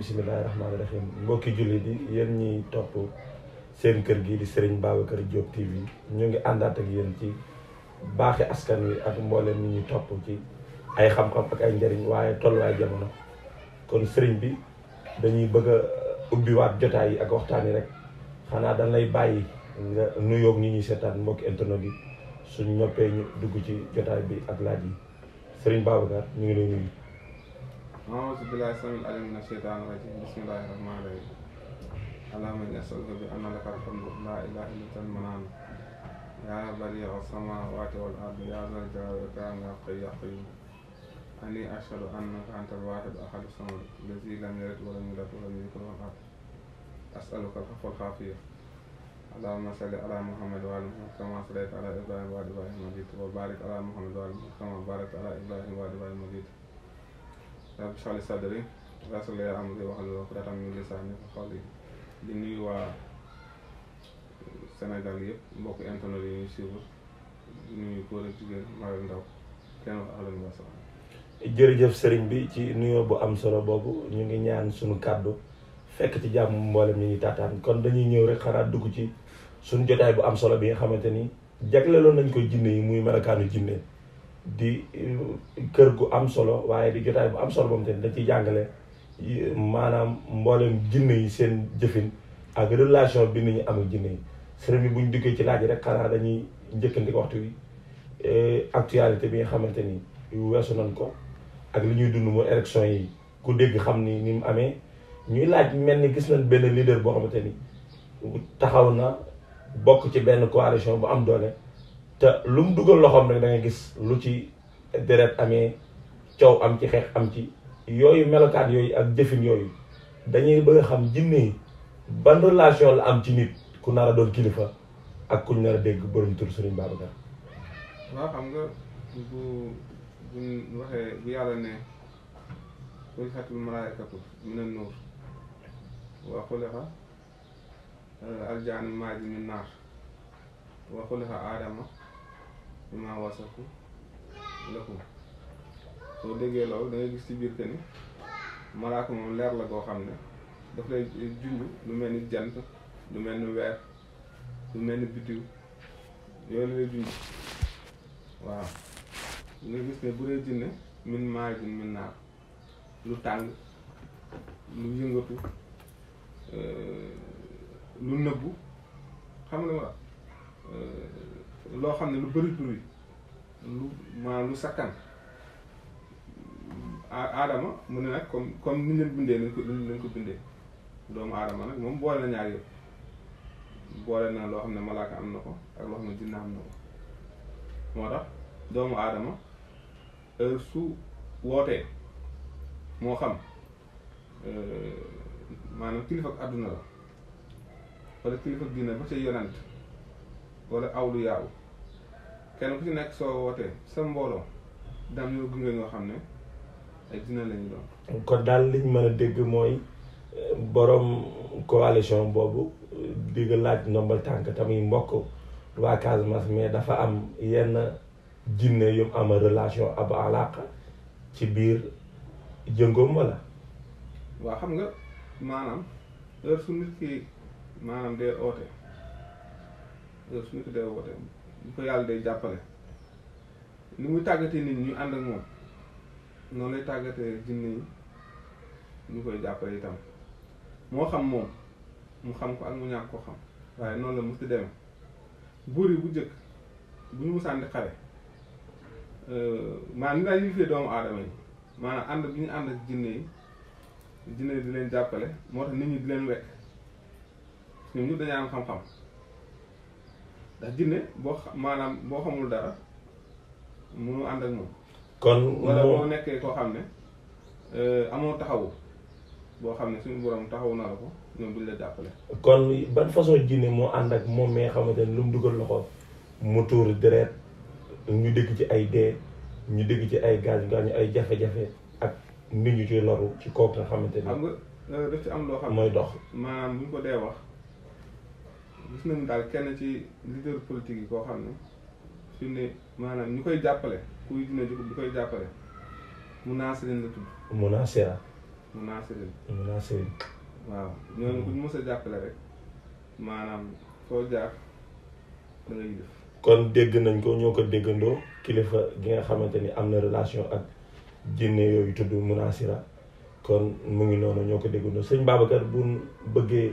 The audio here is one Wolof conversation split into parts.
bisimilah rahmaani rahim mbokki jullit yi yéen ñiy topp seen kër gi di Serigne Babacar Diop TV ñu ngi àndaat ak yéen ci baaxi askan wi ak mboolem ni ñuy topp ci ay xam-xam ak ay njëriñ waaye toll tolluwaay jamono. kon Serigne bi dañuy bëgg a ubbiwaat jotaay yi ak waxtaan yi rek xanaa dañ lay bàyyi nga nuyoog ni ñuy seetaan mbokki internet yi suñ ñoppee ñu dugg ci jotaay bi ak laaj yi sëriñ Babacar ñu ngi lay nuyu. أعوذ بالله السميع العليم من الشيطان الرجيم بسم الله الرحمن الرحيم اللهم إني أسألك بأن لك الحمد لا إله إلا أنت المنان يا بريء السماوات والأرض يا ذا الجلال والإكرام يا حي يا قيوم أني أشهد أنك أنت الواحد أحد الصمد الذي لم يلد ولم يولد ولم يكن له أحد أسألك العفو والعافية اللهم صل على محمد وعلى محمد كما صليت على إبراهيم وعلى إبراهيم مجيد وبارك على محمد وعلى محمد كما باركت على إبراهيم وعلى إبراهيم مجيد rabbi shrah li sadri yassir li amri wahlul uqdatan min lisani yafqahu qawli di nuyu waa Sénégal yëpp mbokk internet yi ñuy suivre di nuyu góor ak jigéen mag ak ndaw kenn wax ahlan jërëjëf sëriñ bi ci bu am solo boobu ñu ngi ñaan suñu kàddu fekk ci jàmm mboolem ñu ngi taataan kon dañuy ñëw rek dugg ci suñu jotaay bu am solo bi nga xamante ni jagleeloon nañ ko jinne yi muy melokaanu jinne di eh, kër gu am solo waaye di jotaay bu am solo boobu tamit da ciy jàngale maanaam mboolem jinne yi seen jëfin ak relation bi ni ñu am ak jinne yi sëriñ bu ñu duggee ci laaj rek xanaa dañuy njëkkante waxtu wi eh, actualité bi nga xamante ni weesu nañ ko ak li ñuy dund mooy élection yi ku dégg xam ni ni mu amee ñuy laaj mel ni gis nañ benn leader boo xamante ni taxaw na bokk ci benn coalition bu am doole. te lu mu dugal loxoom rek da gis lu ci deret amee coow am ci xeex am ci yooyu melokaan yooyu ak jëfin yooyu dañuy bëgg a xam jinne ban relation la am ci nit ku nar a doon kilifa ak ku ñu nar a dégg borom tur Sëriñ Babacar waaw xam nga bu bu waxee bu yàlla ne xuli xatul malaayikatu waa xulixa eh, aljaanu aadama bi maa wasaku lakum soo déggee loolu da gis ci biir que ni malaaka moom leer la koo xam ne daf lay junj lu mel ni jant lu mel ni weex lu mel ni biddiw yooyu lay junj waaw nga gis ne bu dee jinne min maay jin min naar lu tàng lu yëngatu euh, lu nëbbu xam nga ma loo xam ne lu bëri bruit lu maa lu sakkan aadama mu ne kom kom comme ni bindee lañ ko bindee doomu aadama nag moom boole na ñaar yëpp boole na loo xam ne malaaka am na ko ak loo xam ne jinne am na ko moo tax doomu aadama heure su wootee moo xam euh, maanaam kilifa ak àdduna la wala kilifa diina ba ca yonant wala awlu yaaw kenn ku ci nekk soo wootee sa mbooloo dam ñoo gunge nga xam ne ay dina lañu doon kon daal liñ mën a dégg mooy eh, borom coalition boobu eh, digg laaj ndombal tànk tamit mbokk waa Casamance mais dafa am yenn jinne yu am relation ab alaaka ci biir jëngoom wala waaw xam nga maanaam heure su nit ki maanaam dee oote ñu ko yàlla day jàppale ni muy tàggatee nit ñu ànd ak moom noonu lay tàggatee jinne yi ñu koy jàppale itam moo xam moom mu xam ko ak mu ñàkk ko xam waaye noonu la mu si demee buur yi bu jëkk bu ñu musaan di xare euh, maanaam ni daal yilifee doomu aadama yi maanaam ànd bi ñu ànd ak jinne yi jinne yi di leen jàppale moo tax nit ñi di leen wekk ñoom ñu dañu xam-xam ndax jinne boo maanaam boo xamul dara mu ànd ak moom. kon wala boo nekkee koo xam ne euh, amoo taxawu boo xam ne suñu borom taxawu na la ko ñoom duñ la ban façon jinne moo ànd ak moom mi xamante ne lu mu dugal loxo mu tuur deret ñu dégg ci ay dee ñu dégg ci ay gaañu gaañu ay jafe ak nit ñu ci ci kooku xamante ni. xam euh, daf ci am loo xam mooy dox. maanaam bu ñu ko dee wax. gis nañu daal kenn ci leader politique yi koo xam ne fi ne maanaam ñu koy jàppale kuy dina jikko ñu koy jàppale Munaasirin la tudd. Munaasira. Munaasirin. Munaasirin. waaw ñooñu jàppale rek maanaam soo jaar da kon dégg nañ ko ñoo ko déggandoo kilifa gi nga xamante ni am na relation ak jinne yooyu tudd mu ngi noonu ñoo ko déggandoo sëñ Babacar bu bëggee.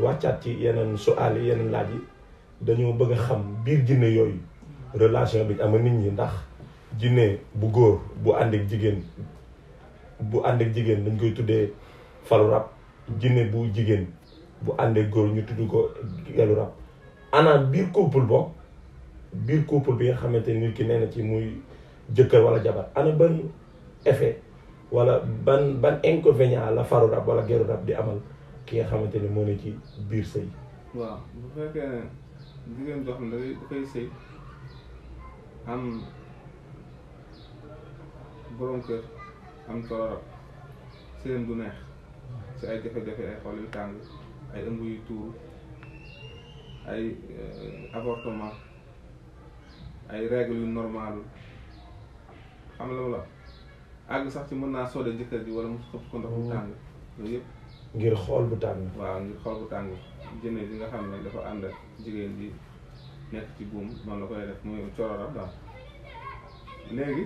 wàccaat ci yeneen suaal yi yeneen laaj yi bëgg xam biir jinne yoy relation bi am nit ñi ndax jinne bu goor bu and ak jigen bu and ak jigen dañ koy tuddé falu rap jinne bu jigen bu and ak goor ñu tuddu ko gelu rap ana biir couple bo biir couple bi nga xamanteni nit ki neena ci muy jëkkër wala jabar ana ban effet wala ban ban inconvénient la faru rap wala geru rap di amal ki nga xamante ni moo ne ci biir sëy waaw bu fekkee ne jigéen joo xam dafay dafay sëy am borom kër am tororab sëyam du neex si ay jafe-jafe ay xol yu tàng ay ëmb yu tuur ay euh, avortement ay règles yu xam la mu la àgg sax ci mën naa sole jëkkër ji wala mu xëpp ko ndox mu tàng loolu yëpp ngir xool bu tàng. waaw ngir xool bu tàng jëne ji nga xam ne dafa ànd ak jigéen ji nekk ci buum noonu la koy def muy corora daal léegi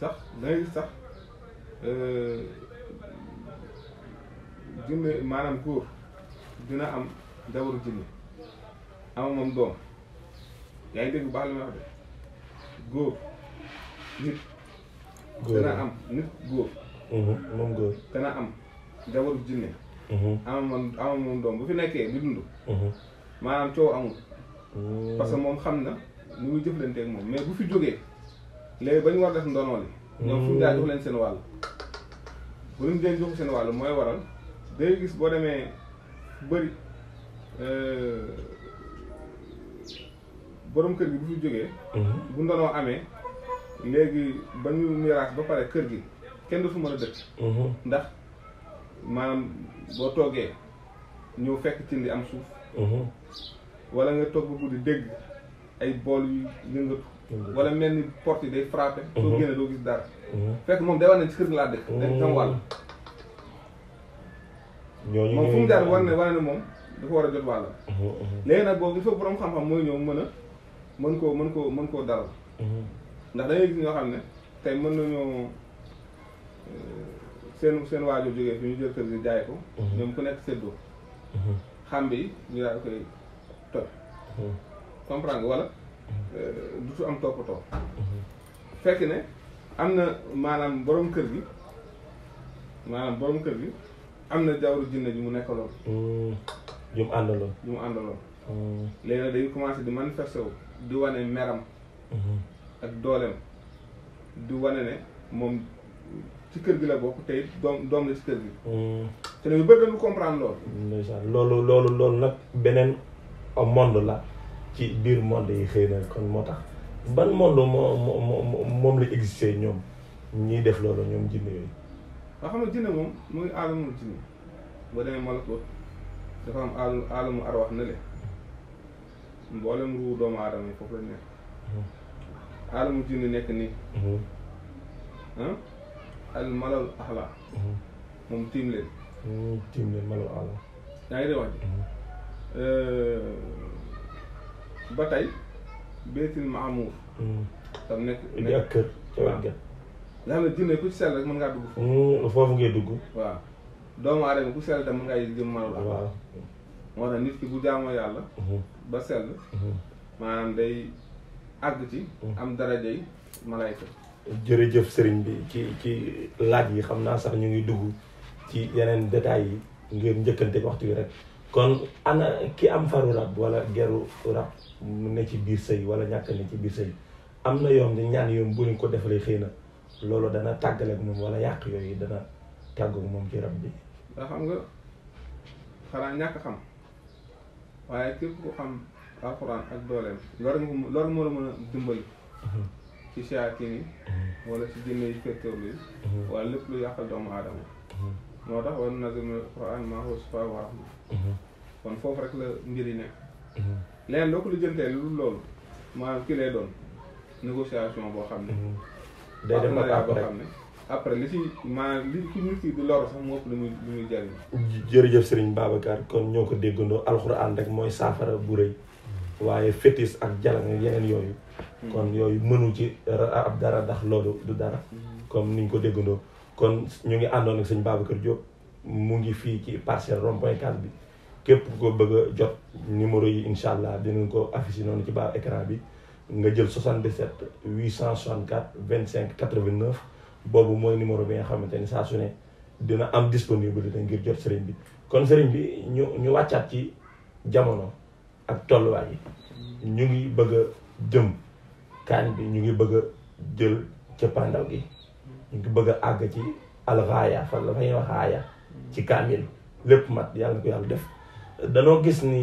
sax dangay sax euh, jinne maanaam góor dina am dawaru jinne ama moom doom yaa ngi dégg bu baax li may wax de góor nit dana am nit góor mhm, moom góor dana am dawaru jinne Mm-hmm. ama man ama moom doom bu fi nekkee di dund mm-hmm. maanaam coow amul mm-hmm. parce que moom xam na nu muy jëflante ak moom mais bu fi jógee léegi ba ñu war def ndonool yi ñoom fu daa jox leen seen wàll bu ñu leen joxu seen wàll mooy waral day gis boo demee bëri euh, kër gi bu fi jógee ndonoo amee léegi ba ñu miraas ba pare kër gi kenn du fi mën a dëkk ndax maanaam boo toogee ñëw fekk cin li am suuf. Mhm. wala nga toog ba guddi dégg ay bool yu yëngatu. Mhm. wala mel ni porte yi day frappé. Mhm. soo génne doo gis dara. fekk moom day war ne moom dafa war a jot wàll. léegi boobu il faut xam-xam mooy ñëw mën a mën koo mën koo mën koo dalal. ndax da gis ñoo xam ne tey mën nañoo. Euh, seen seen waajur jógee fi ñu jël kër gi jaay ko. Mhm. ñoom ku nekk séddoo. Mhm. xam bi ñu daal koy toj. Mhm. comprendre nga wala. Euh, dutu am toppatoo. fekk ne am na maanaam boroom kër gi maanaam boroom kër gi am na jawru jinne ji mu nekk lool. ju mu àndaloon ju mu àndaloon. léegi nag dañuy commencé di manifester wu di wane meram. ak dooleem di wane ne moom. ci kër gi la bokk te doom doom la ci kër gi. Hmm. te ñu bëri dañu comprendre loolu. ndeysaan loolu loolu loolu nag beneen monde la ci biir monde yi xëy a kon moo tax ban monde moom la existé ñoom ñiy def loolu ñoom jinne yooyu. nga xam ne jinne moom muy aalamul jinne boo demee malakut dafa am aalamu aalamu ne le mboolem ruu doomu aadama yi foofu la nekk. Hmm. aalamu jinne nekk nii. Hmm. al malal ahla mhm. moom tiim leen. Mhm, tiim leen malal ahla. yaa ngi dee wax ji. Mhm. Euh, ba tey. baytil maamuur. tam nekk nekk ca wet ga. nga xam ne jinne ku ci sell rek mën ngaa dugg foofu. foofu ngay dugg. waaw doomu aadama ku sell tam mën ngaa jëm malal ahla. waaw moo tax ki bu jaamoo yàlla. ba sell. maanaam day àgg ci. am darajay malayka jërëjëf sëriñ bi ci ci laaj yi xam naa sax ñu ngi dugg ci yeneen détails yi ngir njëkkante waxtu yi rek kon ana ki am faru rab wala geru rab mu ne ci biir sëy wala ñàkk ne ci biir sëy am na yoon di ñaan yoon bu ñu ko defalee xëy na loolu dana tàggale ak moom wala yàq yooyu dana tàggu moom ci rab bi da xam nga xanaa ñàkk xam waaye képp ku xam alxuraan ak dooleem loolu moo la mën a dimbali mhm. ci seyaatiin yi wala ci jinne yi fettoor yi wala lépp lu yàqal doomu aadama mhm. moo tax wan nazmu minal qur'aan maa huwa shifaa mhm. kon foofu rek la mbiri nekk mhm. leen loo loolu maanaam doon négociation boo xam ne day dem ak boo xam ne après li ci maanaam li ci nit ki di lor sax moo ëpp lu muy lu muy jëriñ jërëjëf Serigne Babacar kon ñoo ko déggandoo alxuraan rek mooy saafara bu rëy waaye fétis ak jalan yeneen yooyu hmm. kon yooyu mënu ci ab dara ndax loolu du dara hmm. comme niñ ko déggandoo kon ñu ngi àndoon ak sëñ kër Diop mu ngi fii ci parcelle rond-point 4 bi képp ko bëgg jot numéro yi incha allah dinañ ko affiché noonu ci baax écran bi nga jël 77 864 25 89 boobu mooy numéro bi nga xamante ni saa su ne dina am disponibilité ngir jot sëriñ bi kon sëriñ bi ñu ñu wàccaat ci jamono ak tolluwaay yi ñu ngi bëgg a jëm kaani bi ñu ngi bëgg a jël cëppandaw gi ñu ngi bëgg a àgg ci alxaaya fan la fa ñuy wax aaya ci kaamil lépp mat yàlla na ko yàlla def danoo gis ni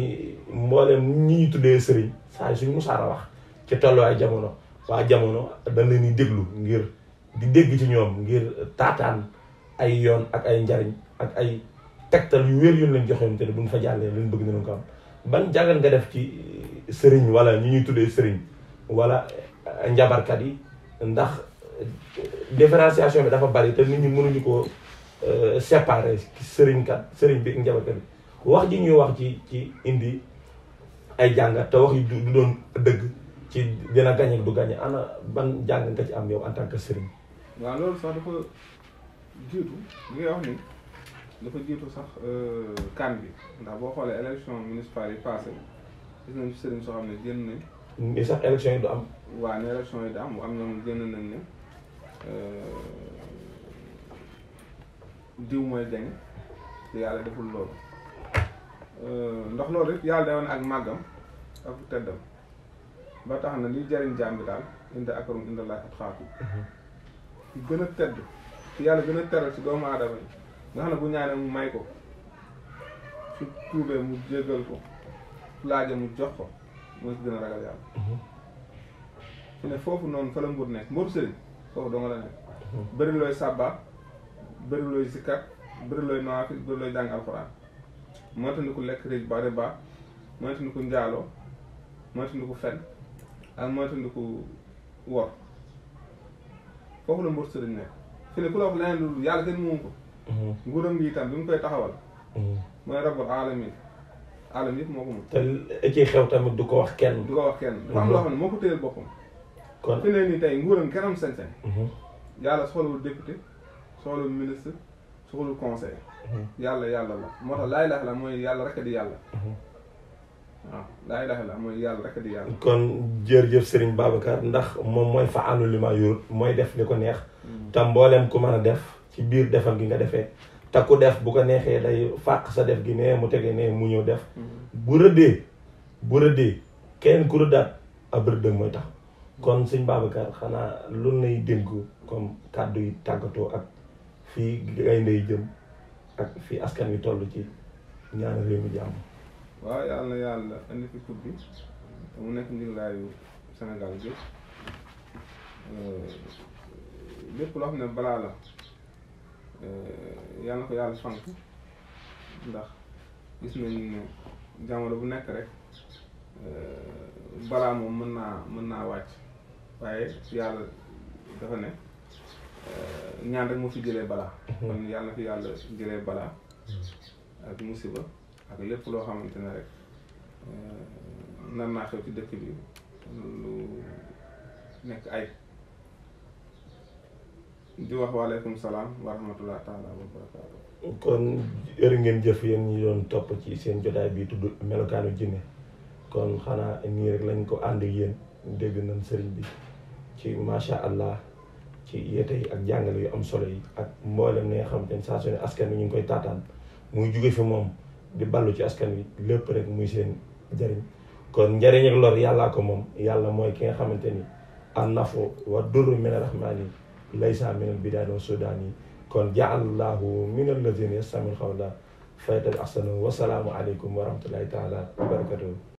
mboolem ñi ñu tuddee sëriñ saa yi suñ musaara wax ci tolluwaay jamono waa jamono dañ ni di déglu ngir di dégg ci ñoom ngir taataan ay yoon ak ay njariñ ak ay tegtal yu wér yu leen joxe te ne buñ fa jàllee leen bëgg na ko am ban jàngat nga def ci sëriñ wala ñu ñuy tuddee sëriñ wala njabarkat yi ndax différenciation bi dafa bari te nit ñi mënuñu ko euh, séparer sëriñ kat sëriñ bi njabarkat bi wax ji ñuy wax ci ci indi ay jàngat te wax yi du doon dëgg ci dina gañe du gañe ana ban jàng nga ci am yow en tant que sëriñ waaw loolu sax dafa jiitu li ngay wax ni dafa jiitu sax kan bi ndax boo xoolee élection municipale yi passé gis nañu fi sëriñ soo xam ne génn nañ. mais sax élection yi du am. waaw ne élection yi du am am ñoom génn nañ ne diw mooy gañ te yàlla deful loolu ndax loolu rek yàlla dayoon ak màggam ak teddam ba tax na liy jariñ jaam bi daal inda akarum inda laay at xaatu. ki gën a tedd ki yàlla gën a teral ci doomu aadama yi. nga xam ne bu ñaanee mu may ko su tuubee mu jéggal ko su mu jox ko moo si gën a ragal yàlla su mhm. foofu noonu fa la mbur nekk mburu sëriñ foofu doo nga la nekk mhm. bëri looy sàbba bëri looy zikkat bëri looy nawaafil bëri looy jàng alxuraan moytandiku lekk rëj ba riba moytandiku njaaloo moytandiku fen ak moytandiku wor foofu la mbur sëriñ nekk fi ku la wax leneen lu yàlla kenn moomu ko غورم بي تام بيم كاي تاخوال موي رب العالمين عالم يف موكو مو تال اتي خيو تام دوكو واخ كين دوكو واخ كين فام لاخون موكو تيل بوكم كون فيني ني تاي غورم كرام سنسن يالا سولو ديبوتي سولو مينيستر سولو كونسيل يالا يالا لا موتا لا اله الا موي يالا رك دي يالا لا اله الا موي يالا رك دي يالا كون جير جير سيرين بابكار نده موم موي فعال لما يور موي ديف ليكو نيه تام بولم كو مانا ديف ci biir ak gi nga defee te ku def bu ko neexee day fàq sa def gi nee mu tege nee mu ñëw def mm-hmm. bu rëddee bu rëddee kenn ku rëddaat ab rëdd mooy tax kon suñ Babacar xanaa lu lay dégg comme kàddu yi tàggatoo ak fii gay ndey jëm ak fii askan wi toll ci ñaan réew mi jàmm waaw yàlla yàlla andi fi coupe bi mu nekk njëglaayu Sénégal bi euh, lépp loo xam ne balaa la yàlla na ko yàlla fonk ndax gis nañ ne jamono bu nekk rek balaa moom mën naa mën naa wàcc waaye yàlla dafa ne ñaan rek moo fi jëlee balaa kon yàlla na fi yàlla jëlee balaa ak musiba ak lépp loo xamante ne rek nar naa xew ci dëkk bi lu nekk ay di wax salaam wa rahmatulah taala wa barakaatu. kon jërë ngeen jëf yéen ñi doon topp ci seen jotaay bi tudd melokaanu jinne kon xanaa nii rek lañ ko ànd yéen dégg nañ sëriñ bi ci macha allah ci yete yi ak jàngale yu am solo yi ak mboolem ne nga xam te ne saa su askan wi ñu ngi koy taataan muy jóge fi moom di ballu ci askan wi lépp rek muy seen njëriñ kon njëriñ ak lor yàllaa ko moom yàlla mooy ki nga xamante ni an nafu wa durru mina rahmaani ليس من البداد والسوداني كن جعل الله من الذين يستمعون القول فيتبع احسنه والسلام عليكم ورحمه الله تعالى وبركاته